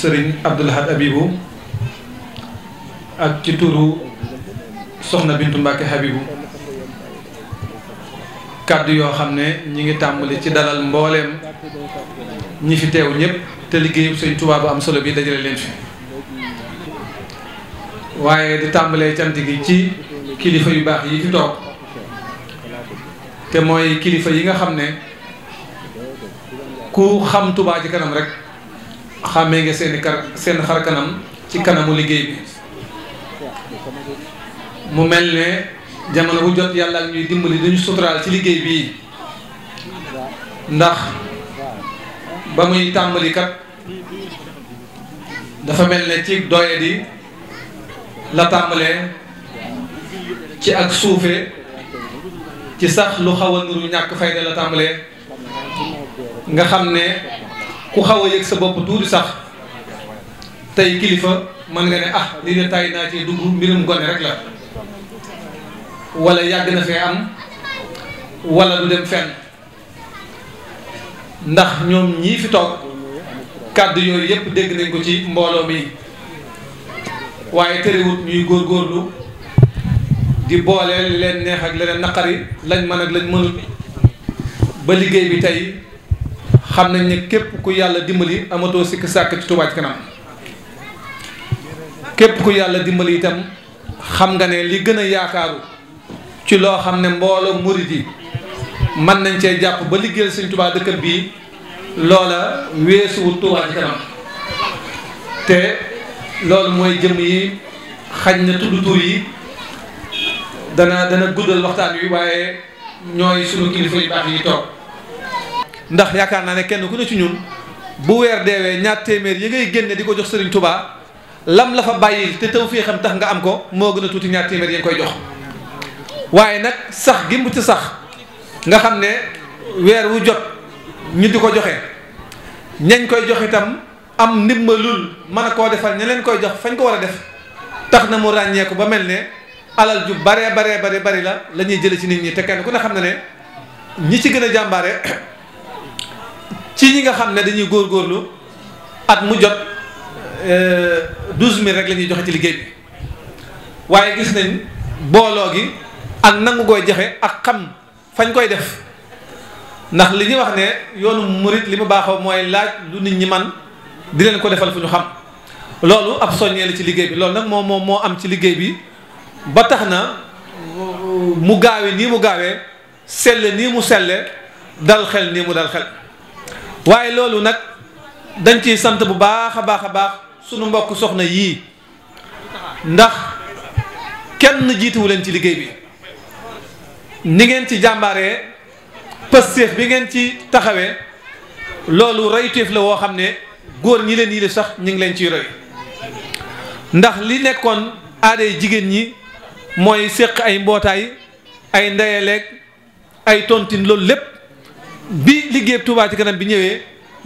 sëriñ Abdou Lahad Habibou ak ci turu soxna Bintu Mbacke Habibou kàddu yoo xam ne ñi ngi tàmbali ci dalal mbooleem ñi fi teew ñëpp te liggéeyu sëriñ Tuubaa bu am solo bii dajale leen fi waaye di tàmbalee cant gi ci kilifa yu baax yi fi toog te mooy kilifa yi nga xam ne ku xam Tuubaa ci kanam rek xàmmee nga seen kar seen xar kanam ci kanamu liggéey bi mu mel ne jamono bu jot yàlla ak ñuy dimbali duñu suturaal ci liggéey bi ndax ba muy tàmbalikat kat dafa mel ne ci doye di la tàmbalee ci ak suufe ci sax lu xaw a nuru ñàkk fayda la tàmbalee nga xam ne ku xaw a yëg sa bopp tuuti sax tey kilifa mën nga ne ah lii de tay naa ci dugg mbirum gone rek la wala yàgg na fee am wala du dem fenn ndax ñoom ñii fi toog kàddu yooyu yépp dégg nañ ko ci mbooloo mi waaye terewut ñuy góor góorlu di boole leen neex ak leneen naqari lañ mën ak lañ mënut ba liggéey bi tey xam nañ ne képp ku yàlla dimbali amatoo sikk sàkk ci Touba Kanam képp ku yàlla dimbali itam xam nga ne li gën a yaakaaru ci loo xam ne mbooloo murid yi mën nañ cee jàpp ba liggéeyal Sëñ Touba dëkkat bii loola weesuwul Touba Kanam te loolu mooy jëm yi xaj na tudd tur yi dana dana guddal waxtaan wi waaye ñooy sunu kilifa yu baax yi toog ndax yaakaar naa ne kenn ku ne ci ñun bu weer deewee ñaar téeméer yi ngay génne di ko jox Serigne tubaa lam la fa bàyyil te taw fii xam tax nga am ko moo gën a tuuti ñaar téeméer koy jox nag sax gi mu ci sax nga xam ne weer wu jot ñu di ko joxe ñañ koy jox itam am ndimbalul mën a koo defal ña leen koy jox fañ ko war a def tax na mu ràññeeku ba mel ne alal ju baree baree bari bari la la ñuy jëlee ci nit ñi te kenn ku ne xam na ne ñi ci gën a jàmbaare ci ñi nga xam ne dañuy góor góorlu at mu jot euh, douze mille rek lañuy joxe ci liggéey bi waaye gis nañ booloo gi ak nangu koy joxe ak xam fañ koy def ndax li ñuy wax ne yoonu murit li mu baaxoo mooy laaj lu nit ñi man di leen ko defal fu ñu xam loolu ab soññee la ci liggéey bi loolu nag moom moom moo am ci liggéey bi ba tax na mu gaawe nii mu gaawee selle nii mu selle dal xel nii mu dal xel waaye loolu nag dañ ciy sant bu baax a baax a baax sunu mbokk soxna yii ndax kenn jiituwu leen ci liggéey bi ni ngeen ci jàmbaaree pësteef bi ngeen ci taxawee loolu royteef la woo xam ne góor ñi leen yilif sax ñu ngi leen ciy roy ndax li nekkoon aaday jigéen ñi mooy séq ay mbootaay ay ndeyaleeg ay tontine loolu lépp bi liggéeyub tubaa ci kanam bi ñëwee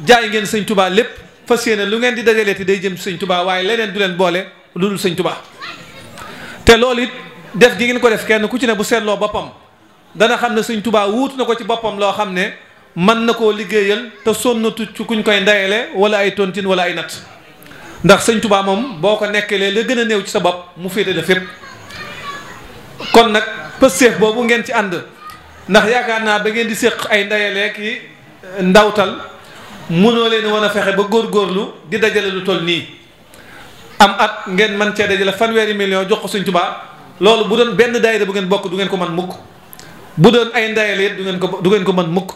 jaay ngeen sëñ tubaa lépp fas yéene lu ngeen di dajaleeti day jëm sëñ Touba waaye leneen du leen boole lu dul sëñ Touba te loolu it def gi ngeen ko def kenn ku ci ne bu seetloo boppam dana xam ne sëñ tubaa wuutu na ko ci boppam loo xam ne mën na koo liggéeyal te sonnatu ci kuñ koy ndayale wala ay tontine wala ay nat ndax sëñ tubaa moom boo ko nekkalee la gën a néew ci sa bopp mu fii féete def fépp kon nag pësteef boobu ngeen ci ànd. ndax yaakaar naa ba ngeen di séq ay ndayaleek yi eh, ndawtal munoo leen wan a fexe ba góor góorgóorlu di dajale lu toll nii am at ngeen man cee dajale fanweeri million jox ko Sëñ Tuubaa loolu bu doon benn daayira bu ngeen bokk du ngeen ko man mukk bu doon ay ndayale du ngeen ko du ngeen ko man mukk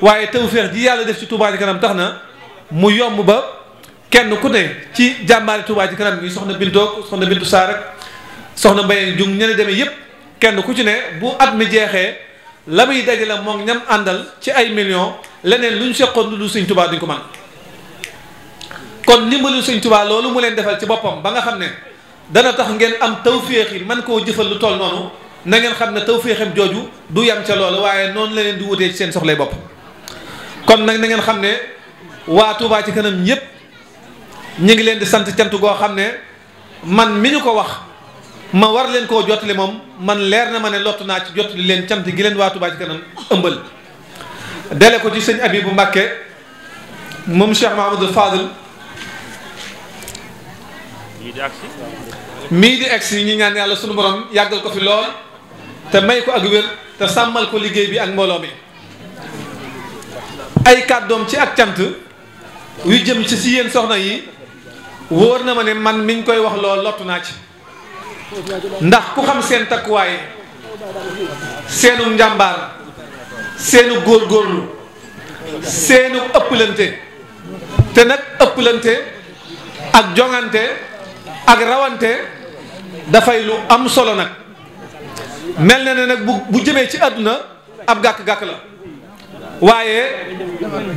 waaye tawféex ji yàlla def ci Touba Ca Kanam tax na mu yomb ba kenn ku ne ci jàmbaari Touba Ca Kanam yi soxna Bintoog soxna Bintu saa rek soxna Mbaye Jung ñeneen demee yépp kenn ku ci ne bu at mi jeexee la muy dajale moom ñam àndal ci ay millions leneen lu ñu seqoon lu dul sëñ duñ ko man kon ndimbalu sëñ tubaa loolu mu leen defal ci boppam ba nga xam ne dana tax ngeen am tawféex yi man koo jëfal lu toll noonu nangeen xam ne tawféexam jooju du yam ca loolu waaye noonu la leen di wutee seen soxlay bopp kon nag na ngeen xam ne waa Touba ci kanam ñëpp ñu ngi leen di sant cant goo xam ne man mi ñu ko wax ma war leen koo jot jottali moom man leer na ma ne lott naa ci jot jottali leen cant gi leen waa Touba ci kanam ëmbal dale ko ci abi bu Mbàkke moom Cheikh Mahamadou Fadl mii di egsi ñu ñaan yàlla sunu borom yàggal ko fi lool te may ko ak wér te sàmmal ko liggéey bi ak mbooloo mi ay kàddoom ci ak cant yu jëm ci si yéen soxna yi wóor na ma ne man miñ koy wax lool lottu naa ci ndax ku xam seen takkuwaay seenu njàmbaar seenu góor góorgóorlu seenu ëpplante te nag ëpplante ak joŋante ak rawante dafay lu am solo nag mel na ne nag bu bu jëmee ci àdduna ab gàkk-gàkk la waaye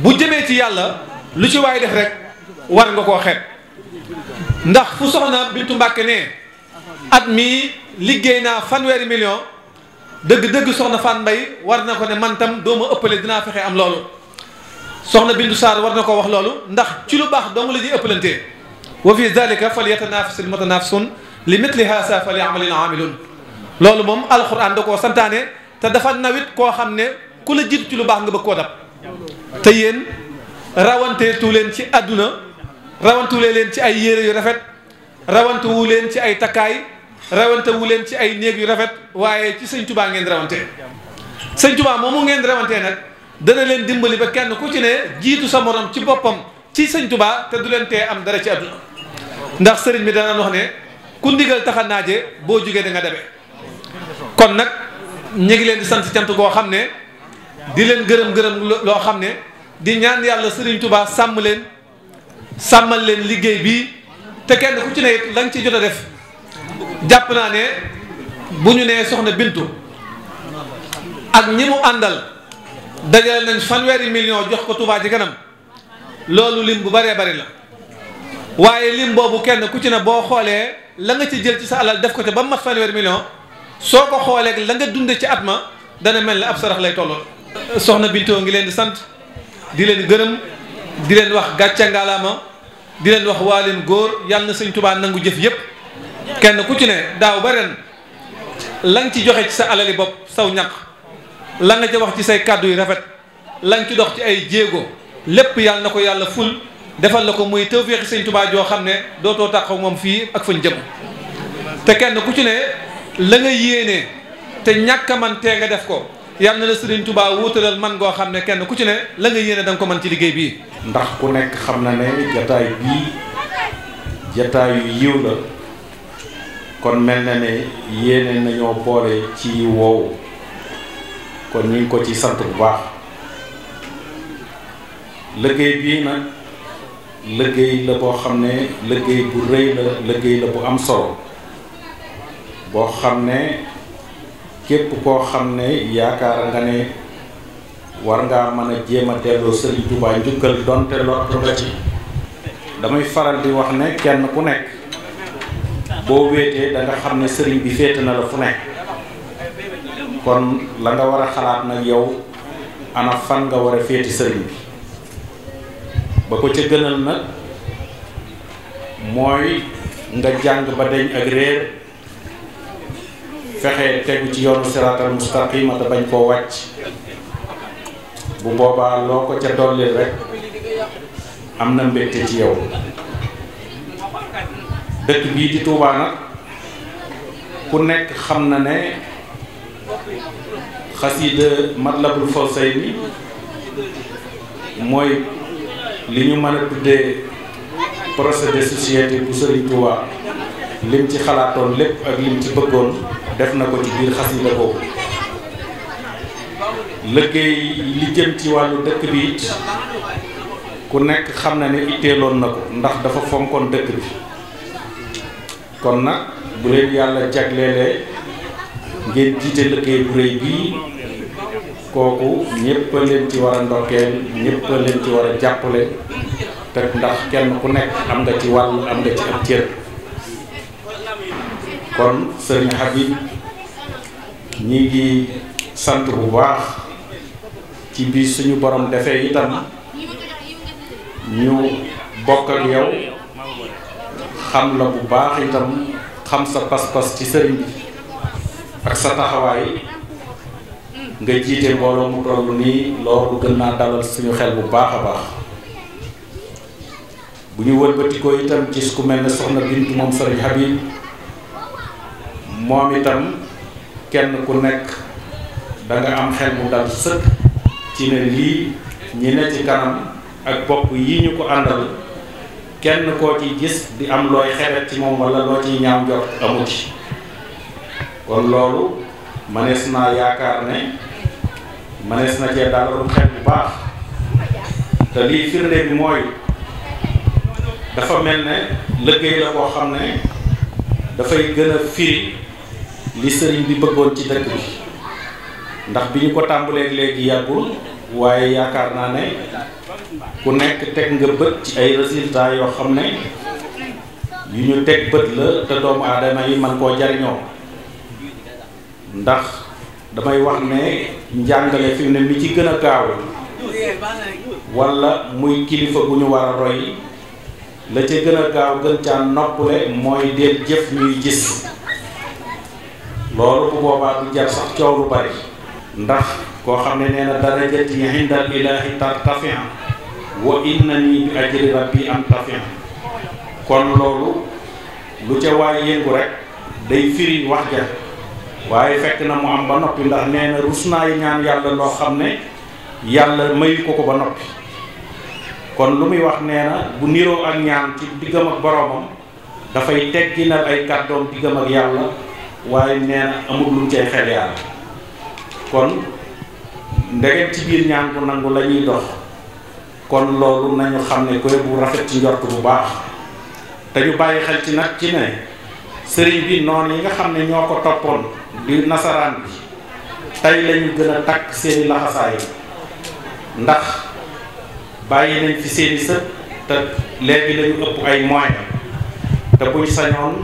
bu jëmee ci yàlla lu ci waay def rekk war nga koo xet ndax fu soxna Bintu Mbàkke ne at mii liggéey naa fanweeri million dëgg-dëgg soxna Fan Mbay war na ko ne man tam doo ma ëppale dinaa fexe am loolu soxna Bindu Saar war na ko wax loolu ndax ci lu baax dong la ñuy ëppalantee wa fi dalika fal yatanaafasi l mutanafisun li mitli haasa fal yaamalil aamilun loolu moom alxuraan da koo santaane te dafa nawit koo xam ne ku la jiitu ci lu baax nga bëgg koo dab te yéen rawanteetu leen ci àdduna rawantu leen ci ay yére yu rafet rawantuwu leen ci ay takkaay rawante wu leen ci ay néeg yu rafet waaye ci sëñ tubaa ngeen rawante sëñ tubaa moomu ngeen rawantee nag dana leen dimbali ba kenn ku ci ne jiitu sa morom ci boppam ci sañ tubaa te du leen tee am dara ci àdduna ndax sëriñ bi danaan wax ne ku ndigal taxa naaje boo jógee danga nga kon nag ñu ngi leen di sant cant goo xam ne di leen gërëm gërëm loo xam ne di ñaan yàlla sëriñ tubaa sàmm leen sàmmal leen liggéey bii te kenn ku ci ne it lañ ci jot a def jàpp naa ne bu ñu nee soxna Bintu ak ñi mu àndal dajale nañ fanweeri million jox ko Touba ci kanam loolu lim bu baree bari la waaye lim boobu kenn ku ci ne boo xoolee la nga ci jël ci sa alal def ko te ba mu mat fanweeri million soo ko xoolee la nga dunde ci at ma dana mel ne ab sarax lay tolloo. soxna Bintoo ngi leen di sant di leen gërëm di leen wax gàcce ngalaama di leen wax waa góor yàlla na sëñ Touba nangu jëf yépp kenn ku ci ne daaw ba lañ ci joxe ci sa alali bopp saw ñaq la nga ca wax ci say kàddu yu rafet lañ nga ci dox ci ay jéego lépp yàlla na ko yàlla ful defal la ko muy tawféexi sëñ Tuubaa joo xam ne dootoo taxaw moom fii ak fañ jëm te kenn ku ci ne la nga yéene te ñàkk a man tee nga def ko yàlla na la sëriñ Tuubaa wuutalal man goo xam ne kenn ku ci ne la nga yéene da ko man ci liggéey bii ndax ku nekk xam na ne jataay bii jataay yu yiw la kon mel na ne yéene nañoo boole ci woowu kon ñu ko ci sant bu baax liggéey bii nag liggéey la boo xam ne liggéey bu rëy la liggéey la bu am solo boo xam ne képp koo xam ne yaakaar nga ne war ngaa mën a jéem a delloo Sëriñ Tuubaa njukkal donte lott nga ci damay faral di wax ne kenn ku nekk boo wéetee danga xam ne sëriñ bi féete na la fu nekk kon la nga war a xalaat nag yow ana fan nga war a féete sëriñ bi ba ko ca gënal nag mooy nga jàng ba deñ ak réer fexe tegu ci yoonu siraatal mustaqima te bañ koo wàcc bu boobaa loo ko ca dollil rek am na mbégte ci yow dëkk bii di Touba ku nekk xam na ne xasida Matlabul bi mooy li ñu mën a tuddee projet de société bu Serigne Touba lim ci xalaatoon lépp ak lim ci bëggoon def na ko ci biir xasida boobu liggéey li jëm ci wàllu dëkk bi it ku nekk xam na ne itteeloon na ko ndax dafa fonkoon dëkk bi kon nag bu leen yàlla jagleele ngeen jiite liggéey bu rëy bii kooku ñëpp ci war a ndokkeel ñëpp a leen ci war a jàppale te ndax kenn ku nekk am nga ci wàll am nga ci ab cër kon sëriñ Habib ñi ngi sant bu baax ci bii suñu borom defee itam ñu bokk yow xam la bu baax itam xam sa pas-pas ci sëriñ bi ak sa taxawaay nga jiite mbooloo mu toll nii loolu gën naa dalal suñu xel bu baax a baax bu ñu wëlbatikoo itam gis ku mel ne soxna Bintu moom sëriñ Habib moom itam kenn ku nekk danga am xel mu dal sëkk ci ne lii ñi ci kanam ak bopp yi ñu ko àndal kenn koo ciy gis di am looy xebet ci moom wala loo ciy ñaaw jot amu kon loolu mënees naa yaakaar ne mënees na daal dalarum xel bu baax te lii firnde bi mooy dafa mel ne liggéey la koo xam ne dafay gën a firi li sëriñ bi bëggoon ci dëkk bi ndax bi ñu ko tàmbalee léegi yàggul waaye yaakaar naa ne ku nekk teg nga bët ci ay résultats yoo xam ne yu ñu teg bët la te doomu aadama yi man koo jariñoo ndax damay wax ne njàngale fi ne mi ci gën a gaaw walla muy kilifa bu ñu war a roy la ca gën a gaaw gën caa noppale mooy deel jëf ñuy gis loolu bu boobaa du jar sax coow lu bari ndax koo xam ne nee na darajati inda al ilahi tartafia wa inna nii bi ajri rabbi am tafia kon loolu lu ca waay yëngu rek day firi wax ja waaye fekk na mu am ba noppi ndax nee na rus naa yi ñaan yàlla loo xam ne yàlla mayu ko ko ba noppi kon lu muy wax nee na bu niroo ak ñaan ci diggam ak boroomam dafay tegginal ay kàddoom diggam ak yàlla waaye nee na amul lu mu cay xel yàlla kon ndegem ci biir ñaan bu nangu la ñuy dox kon loolu nañu xam ne kuréel bu rafet ci njort bu baax te ñu bàyyi xel ci nag ci ne sëriñ bi noonu yi nga xam ne ñoo ko toppoon di nasaraan bi tey lañu gën a takk seeni laxasaayu ndax bàyyi nañ fi seeni sët te léegi lañu ëpp ay moyens te buñ sañoon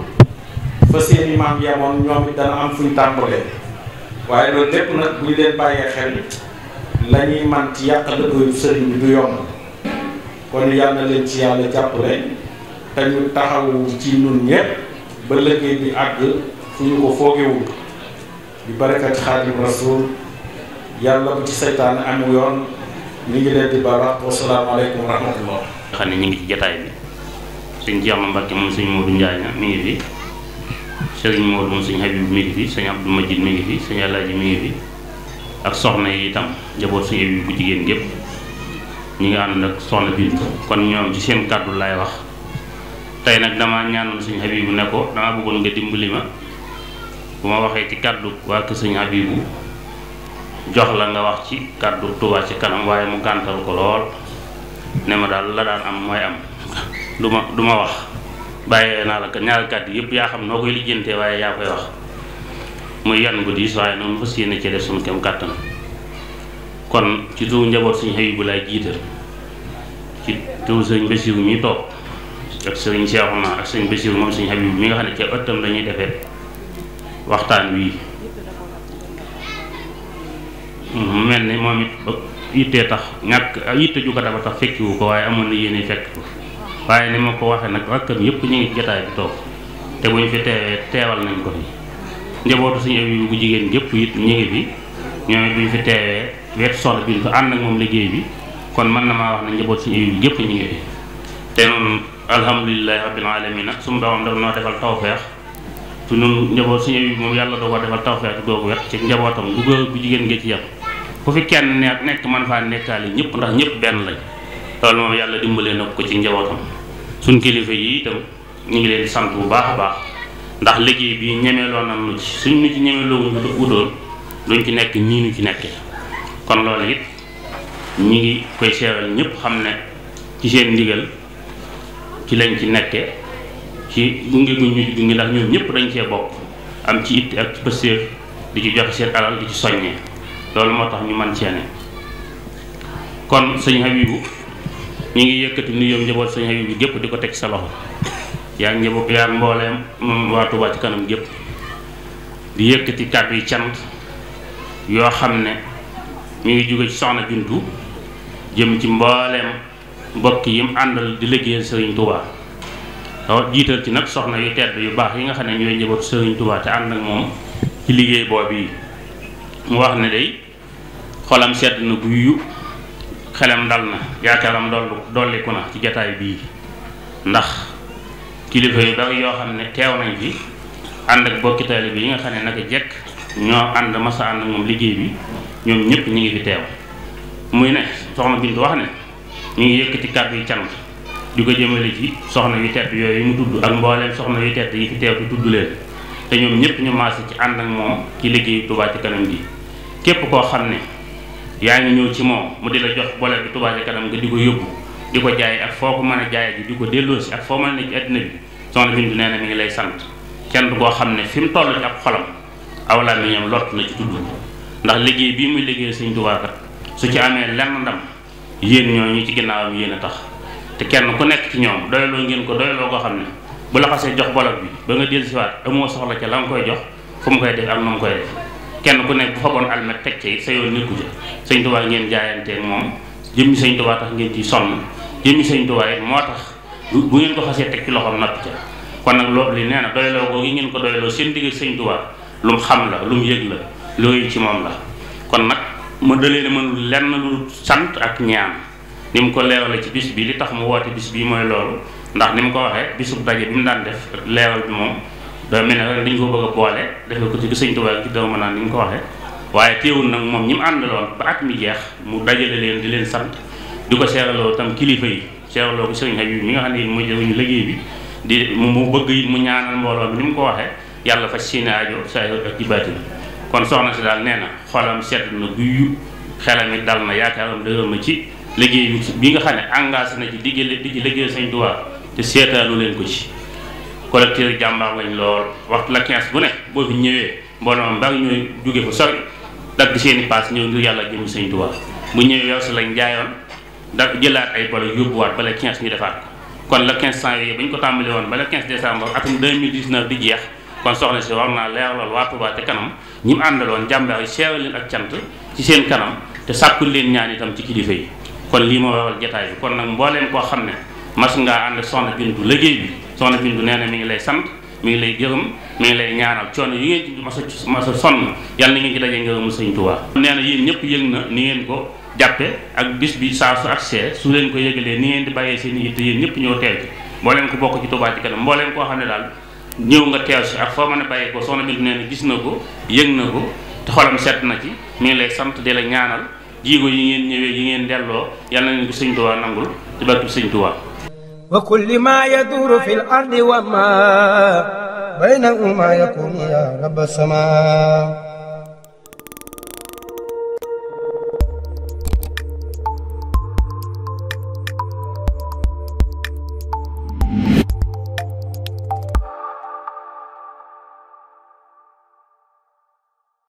fa seeni maam yamoon ñoom it dana am fuñ tàmbalee waaye loolu lépp nag buñ leen bàyyee xel la ñuy man ci yàq dëgg sëriñ bi du yomb kon yàlla leen ci yàlla jàppale te ñu taxawu ci nun ñépp ba liggéey bi àgg fu ñu ko foogewul di barakat xaadim rasul yàlla bu ci seytaan amu yoon ñu ngi leen di baax wasalaamaaleykum wa rahmatullah. xam ne ñu ngi ci jataay bi sëñ Diama Mbacke moom sëñ Modou Ndiaye mi ngi fi sëriñ Modou moom sëñ Habib mi ngi fi sëñ Abdou bi mi ngi fi. ak soxna yi itam njaboot suñu éwu bu jigéen gépp ñi nga ànd ak soxna Bintu kon ñoom ci seen kàddu laay wax tey nag dama ñaanoon sëñ Habibu ne ko dama bëggoon nga dimbali ma bu ma waxee ci kàddu waa kër sëñ Habibu jox la nga wax ci kàddu Touba ci kanam waaye mu gàntalu ko lool ne ma daal la daan am mooy am du ma du ma wax bàyyee naa la ko ñaari kàddu yëpp yaa xam noo koy lijjantee waaye yaa koy wax mooy yan bu diis waaye noonu fas yéene cee def suñu kem kàttan kon ci turu njaboot suñu xëy bu laay jiital ci turu sëñ Basiru mi toog ak sëñ Seexuna ak sëñ Basiru moom suñu Habib mi nga xam ne ca ëttam la defee waxtaan wii mu mel ni moom it yittee tax ñàkk yitte ju ko dafa tax fekkiwu ko waaye amoon na yéene fekk ko waaye ni ma ko waxee nag rakkam yépp ñu ngi jotaay bi toog te bu ñu fi teewee teewal nañ ko fi njabootu suñu aw yi bu jigéen gépp it ñu ngi fi ñoom ñu moom liggéey bi kon mën na maa wax ne njabootu suñu aw yi gépp ñu ngi fi te noonu alhamdulilahi rabbil alamin nag suñu doomam daf noo defal tawfeex te moom yàlla doo ko defal tawfeex du googu wet ci góor bu jigéen nga ci yem fi kenn ne nekk man faa nekkaale ñëpp ndax ñëpp benn lañ yàlla dimbalee na ko ci njabootam suñ leen sant bu baax a baax ndax liggéey bi ñemeeloo na suñ nu ci ñemeeloo ko utoon duñ nekk nii nu ci nekkee kon loolu it ñi ngi koy seeral ñëpp xam ne ci seen ndigal ci lañ ci nekkee ci gunge gu ñu gunge ndax ñoom ñëpp dañ cee bokk am ci it ak ci pëstéef di ci joxe seen alal di ci soññee loolu moo tax ñu man ceene kon sëñ Habibou ñu ngi yëkkati nuyoom njaboot sëñ Habibou gépp di ko teg sa loxo yaa ngi yaa mbooleem mm, waa Touba ci kanam gépp di yëkkati kàddu yi cant yoo xam ne ñu ngi jóge ci soxna juntu jëm ci mbooleem mbokk yi mu àndal di liggéeyal Serigne Touba waaw jiital ci nag soxna yu tedd yu baax yi nga xam ne ñooy njabootu Serigne te ànd moom ci liggéey boobu yi mu wax ne day xolam sedd na guyu xelam dal na yaakaaram dollu dolliku na ci jataay bii ndax kilifa yu bari yoo xam ne teew nañ fi ànd ak bokki bi yi nga xam ne naka jekk ñoo ànd masa ànd moom liggéey bi ñoom ñëpp ñu ngi fi teew muy ne soxna Bintu wax ne ñu ngi yëkkati kàddu yi cant di ko jëmale ci soxna yu tedd yooyu mu tudd ak mbooleem soxna yu tedd yi fi teew di leen te ñoom ñëpp ñu maase ci ànd ak moom ci liggéey Touba ci kanam gi képp koo xam ne yaa ngi ñëw ci moom mu di la jox boole bi Touba kanam nga di ko yóbbu di ko jaay ak foo ko mën a jaay bi di ko delloosi ak foo mën ne ci àddina bi soxna Bintu nee na mi ngi lay sant cant goo xam ne fi mu toll ci ab xolam aw ñoom lott na ci tudd ndax liggéey bii muy liggéey Sëñ Tuubaa kat su ci amee lenn ndam yéen ñooñu ci ginnaawam yéen a tax te kenn ku nekk ci ñoom doyloo ngeen ko doyloo koo xam ne bu la jox bolok bi ba nga dellusiwaat amoo soxla ca la nga koy jox fu mu koy def ak nu mu koy def kenn ku nekk bu faboon almet teg ca it sa yoon nekku ca ngeen jaayanteeg moom jëmmi Sëñ Tuubaa tax ngeen ci sonn jëmmi sëñ Tuubaa moo tax bu ngeen ko xasee teg ci loxoom napp kon nag loolu li nee na doyloo ko yi ngeen ko doyloo seen digg sëñ Tuubaa lu mu xam la lu mu la looyu ci moom la kon nag mu dalee ne mënul lenn lu sant ak ñaan ni mu ko leewale ci bis bii li tax mu woote bis bii mooy loolu ndax ni mu ko waxee bisub daje bi mu daan def leewal bi moom da mel ne dañ ko bëgg a boole defee ko ci sëñ Tuubaa ci doo mën naan ni mu ko waxee waaye teewul nag moom ñi mu àndaloon ba at mi jeex mu dajale leen di leen sant di ko seeraloo tam kilifa yi seeraloo ko sëriñ Habib mi nga xam ne it mooy jëriñu liggéey bi di mu bëgg it mu ñaanal mbooloo bi ni mu ko waxee yàlla faj seen aajo saa yor ak ci baatin kon soxna si daal nee na xolam sedd na guyu xelam it dal na yaakaaram dëgër na ci liggéey bi nga xam ne engagé na ci digg di ci liggéey Sëriñ Tuubaa te seetaanu leen ko ci collecteur jàmbaar lañ lool waxtu la 15 bu ne boo fi ñëwee mbooloo mbaa ñooy jóge fa sori dagg seen i paas ñëw ngir yàlla jëm Sëriñ Tuubaa bu ñëwee yow si lañ jaayoon da jëlaat ay a yóbbuwaat bala 15 ñu defaat ko kon la 1500 yooyu ba ñu ko tàmbali woon bala 15 décembre atum 2019 di jeex kon soxna si war naa leer waa Touba te kanam ñi mu àndaloon jàmbaar yi seeral leen ak cant ci seen kanam te sàkkul leen ñaan itam ci kilifa yi kon lii moo waral jataay bi kon nag mbooleem koo xam ne mas ngaa ànd soxna Bintu liggéey bi soxna Bintu nee na ngi lay sant mu ngi lay gërëm mi ngi lay ñaanal a mas a sonn yàlla na ngeen ci daje ngërëmu Sëñ Touba nee na yéen ñëpp jàppe ak bis bi saa su ak see su leen ko yëgalee ni ngeen di bàyyee seen yitte yéen ñëpp ñëw teew ci mbooleem ko bokk ci Touba ci kanam mbooleem koo xam ne daal ñëw nga teew si ak foo mën a bàyyee ko soxna Bintu nee na gis na ko yëg na ko te xolam set na ci mi lay sant di la ñaanal jiigo yi ngeen ñëwee yi ngeen delloo yàlla na leen ko sëñ Touba nangul ci barke sëñ Touba wa kulli ma yaduru fi l ardi wa ma baynahuma yakun ya a sama